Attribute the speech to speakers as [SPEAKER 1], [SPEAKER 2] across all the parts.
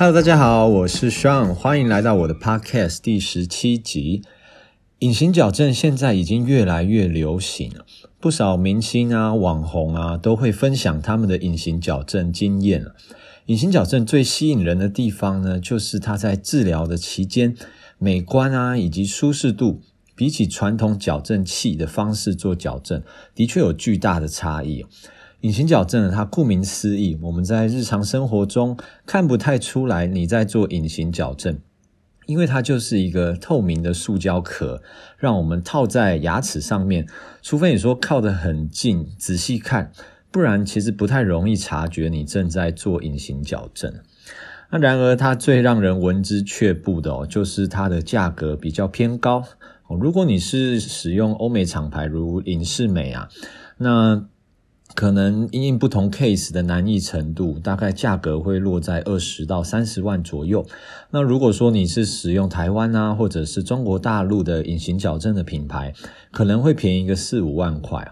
[SPEAKER 1] Hello，大家好，我是 s h a n n 歡迎來到我的 Podcast 第十七集。隱形矯正現在已經越來越流行了，不少明星啊、網紅啊都會分享他們的隱形矯正經驗。隱形矯正最吸引人的地方呢，就是它在治療的期間，美觀啊以及舒適度，比起傳統矯正器的方式做矯正，的確有巨大的差異。隱形矯正它顧名思義，我們在日常生活中看不太出來你在做隱形矯正，因為它就是一個透明的塑膠殼，讓我們套在牙齒上面。除非你說靠得很近，仔細看，不然其實不太容易察覺你正在做隱形矯正。那然而，它最讓人聞之卻步的哦，就是它的價格比較偏高。如果你是使用歐美廠牌，如隱適美啊，那。可能因應不同 case 的難易程度，大概價格會落在二十到三十萬左右。那如果說你是使用台灣啊，或者是中國大陸的隱形矯正的品牌，可能會便宜個四五萬塊。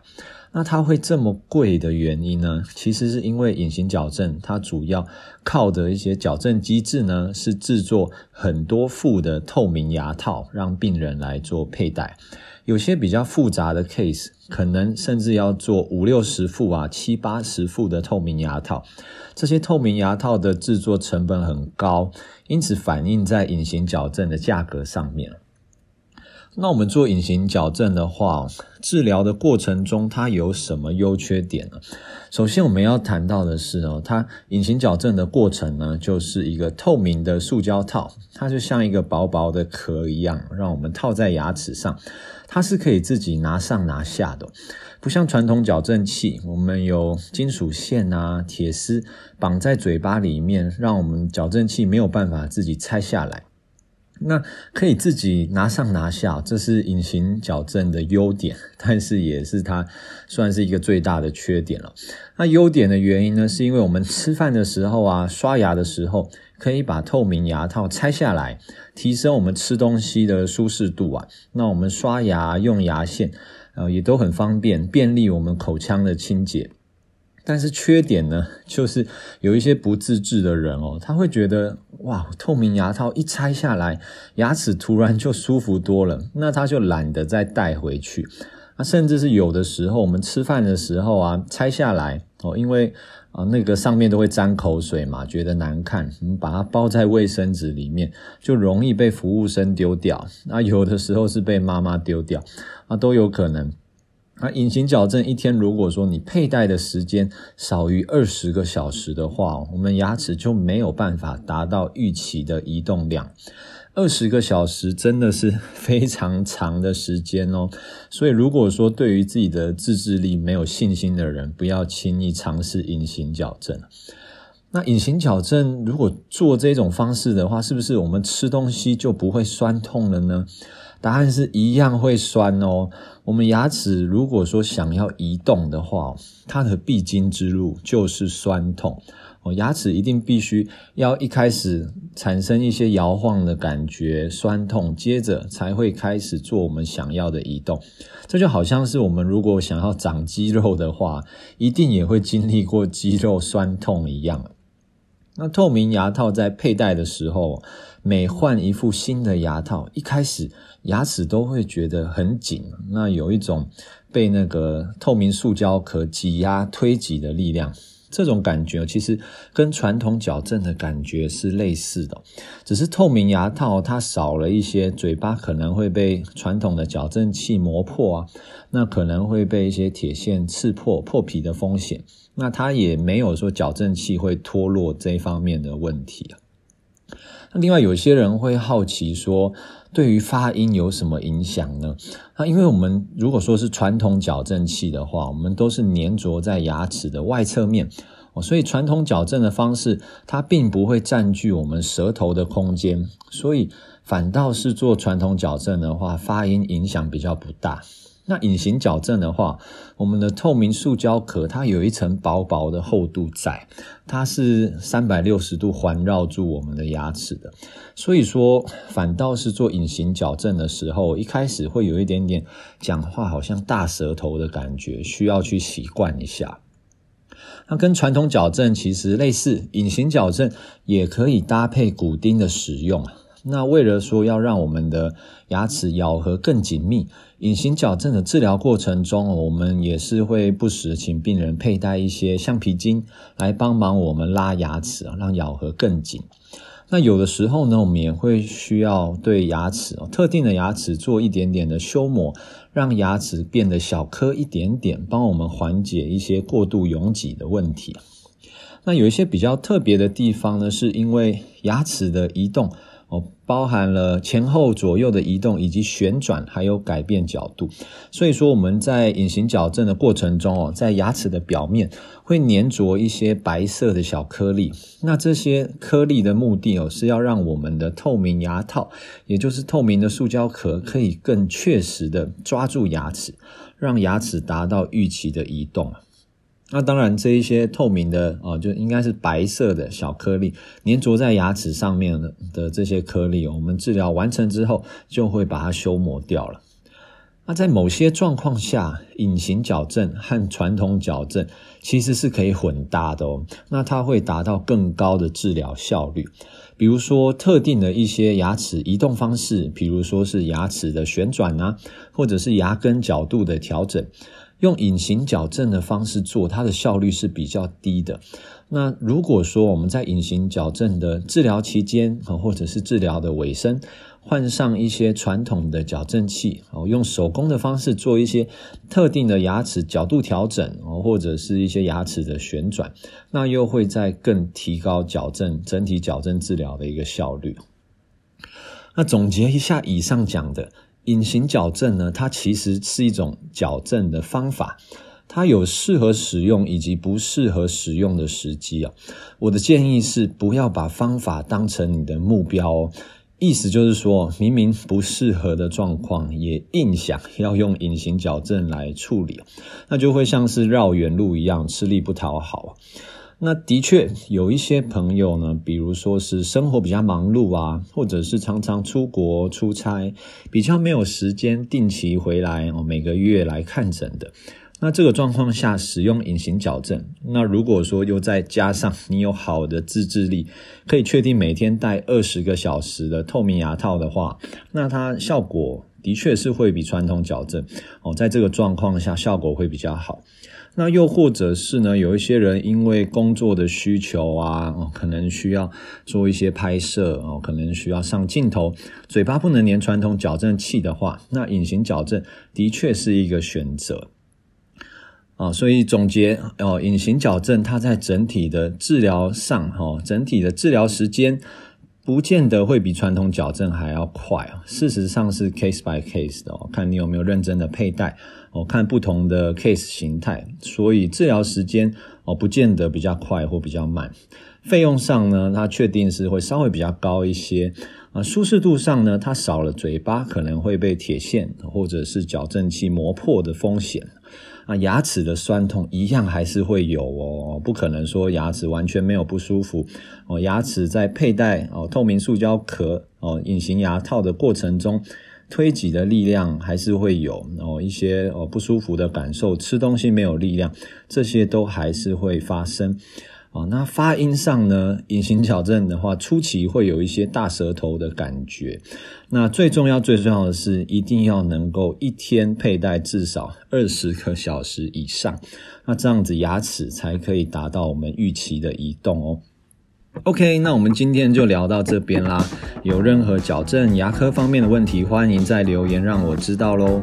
[SPEAKER 1] 那它會這麼貴的原因呢？其實是因為隱形矯正它主要靠的一些矯正機制呢，是製作很多副的透明牙套，讓病人來做佩戴。有些比較複雜的 case，可能甚至要做五六十副啊、七八十副的透明牙套。這些透明牙套的制作成本很高，因此反映在隱形矯正的價格上面。那我們做隱形矯正的話，治療的過程中它有什麼優缺點呢？首先我們要談到的是哦，它隱形矯正的過程呢，就是一個透明的塑膠套，它就像一個薄薄的殼一樣，讓我們套在牙齒上。它是可以自己拿上拿下的，不像傳統矯正器，我們有金屬線啊，鐵絲綁在嘴巴裡面，讓我們矯正器沒有辦法自己拆下來。那可以自己拿上拿下，這是隱形矯正的優點，但是也是它算是一個最大的缺點了。那優點的原因呢，是因為我們吃飯的時候啊，刷牙的時候，可以把透明牙套拆下來，提升我們吃東西的舒適度啊，那我們刷牙，用牙線，呃，也都很方便，便利我們口腔的清潔。但是缺點呢，就是有一些不自制的人哦，他會覺得哇，透明牙套一拆下來，牙齒突然就舒服多了，那他就懶得再戴回去。啊，甚至是有的時候我們吃飯的時候啊，拆下來哦，因為啊、呃、那個上面都會沾口水嘛，覺得難看，把它包在衛生紙裡面，就容易被服務生丟掉。那、啊、有的時候是被媽媽丟掉，啊、都有可能。而隱形矯正一天，如果說你佩戴的時間少於二十個小時的話，我們牙齒就沒有辦法達到預期的移動量。二十個小時真的是非常長的時間哦。所以，如果說對於自己的自制力沒有信心的人，不要輕易嘗試隱形矯正。那隱形矯正如果做這種方式的話，是不是我們吃東西就不會酸痛了呢？答案是一樣會酸哦。我們牙齒如果說想要移動的話，它的必經之路就是酸痛哦。牙齒一定必須要一開始產生一些搖晃的感覺，酸痛，接着才會開始做我們想要的移動。這就好像是我們如果想要長肌肉的話，一定也會經歷過肌肉酸痛一樣。那透明牙套在佩戴的時候。每換一副新的牙套，一開始牙齒都會覺得很緊，那有一種被那個透明塑膠殼擠壓推擠的力量，這種感覺其實跟傳統矯正的感覺是類似的，只是透明牙套它少了一些，嘴巴可能會被傳統的矯正器磨破啊，那可能會被一些鐵線刺破破皮的風險，那它也沒有說矯正器會脫落這方面的問題啊。那另外有些人會好奇說，對於發音有什麼影響呢？那因為我們如果說是傳統矯正器的話，我們都是粘着在牙齒的外側面，所以傳統矯正的方式它並不會佔據我們舌頭的空間，所以反倒是做傳統矯正的話，發音影響比較不大。那隱形矯正的話，我們的透明塑膠殼它有一層薄薄的厚度在，它是三百六十度環繞住我們的牙齒的，所以說反倒是做隱形矯正的時候，一開始會有一點點講話好像大舌頭的感覺，需要去習慣一下。那跟傳統矯正其實類似，隱形矯正也可以搭配骨釘的使用。那為了說要讓我們的牙齒咬合更緊密，隱形矯正的治療過程中，我們也是會不時請病人佩戴一些橡皮筋來幫忙我們拉牙齒啊，讓咬合更緊。那有的時候呢，我們也會需要對牙齒，特定的牙齒做一點點的修磨，讓牙齒變得小顆一點點，幫我們緩解一些過度擁擠的問題。那有一些比較特別的地方呢，是因為牙齒的移動。哦，包含了前後左右的移動，以及旋轉，還有改變角度。所以說，我們在隱形矯正的過程中，哦，在牙齒的表面會粘着一些白色的小顆粒。那這些顆粒的目的，哦，是要讓我們的透明牙套，也就是透明的塑膠殼，可以更確實地抓住牙齒，讓牙齒達到預期的移動。那當然，這一些透明的哦，就應該是白色的小顆粒，粘着在牙齒上面的這些顆粒，我們治療完成之後就會把它修磨掉了。那在某些狀況下，隱形矯正和傳統矯正其實是可以混搭的哦，那它會達到更高的治療效率。比如說，特定的一些牙齒移動方式，比如說是牙齒的旋轉啊，或者是牙根角度的調整。用隱形矯正的方式做，它的效率是比較低的。那如果說我們在隱形矯正的治療期間啊，或者是治療的尾聲，換上一些傳統的矯正器，啊，用手工的方式做一些特定的牙齒角度調整，啊，或者是一些牙齒的旋轉，那又會再更提高矯正，整體矯正治療的一個效率。那總結一下以上講的。隱形矯正呢，它其實是一種矯正的方法，它有適合使用以及不適合使用的時機哦。我的建議是，不要把方法當成你的目標哦，意思就是說，明明不適合的狀況，也硬想要用隱形矯正來處理，那就會像是繞遠路一樣，吃力不討好。那的確有一些朋友呢，比如說是生活比較忙碌啊，或者是常常出國出差，比較沒有時間定期回來哦，每個月來看診的。那這個狀況下使用隱形矯正，那如果說又再加上你有好的自制力，可以確定每天戴二十個小時的透明牙套的話，那它效果的確是會比傳統矯正哦，在這個狀況下效果會比較好。那又或者是呢，有一些人因為工作的需求啊，哦，可能需要做一些拍攝哦，可能需要上鏡頭，嘴巴不能連傳統矯正器的話，那隱形矯正的確是一個選擇啊，哦。所以總結哦，隱形矯正它在整體的治療上，哦，整體的治療時間。不見得會比傳統矯正還要快啊，事實上是 case by case 的哦，看你有沒有認真的佩戴，哦，看不同的 case 形態，所以治療時間哦，不見得比較快或比較慢。費用上呢，它確定是會稍微比較高一些啊。舒適度上呢，它少了嘴巴可能會被鐵線或者是矯正器磨破的風險啊。牙齒的酸痛一樣還是會有哦，不可能說牙齒完全沒有不舒服哦。牙齒在佩戴，哦，透明塑膠殼，哦，隱形牙套的過程中，推擠的力量還是會有哦，一些哦，不舒服的感受，吃東西沒有力量，這些都還是會發生。哦，那發音上呢？隱形矯正的話，初期會有一些大舌頭的感覺。那最重要、最重要的是，一定要能夠一天佩戴至少二十個小時以上，那這樣子牙齒才可以達到我們預期的移動哦。OK，那我們今天就聊到這邊啦。有任何矯正牙科方面的問題，歡迎在留言讓我知道嘍。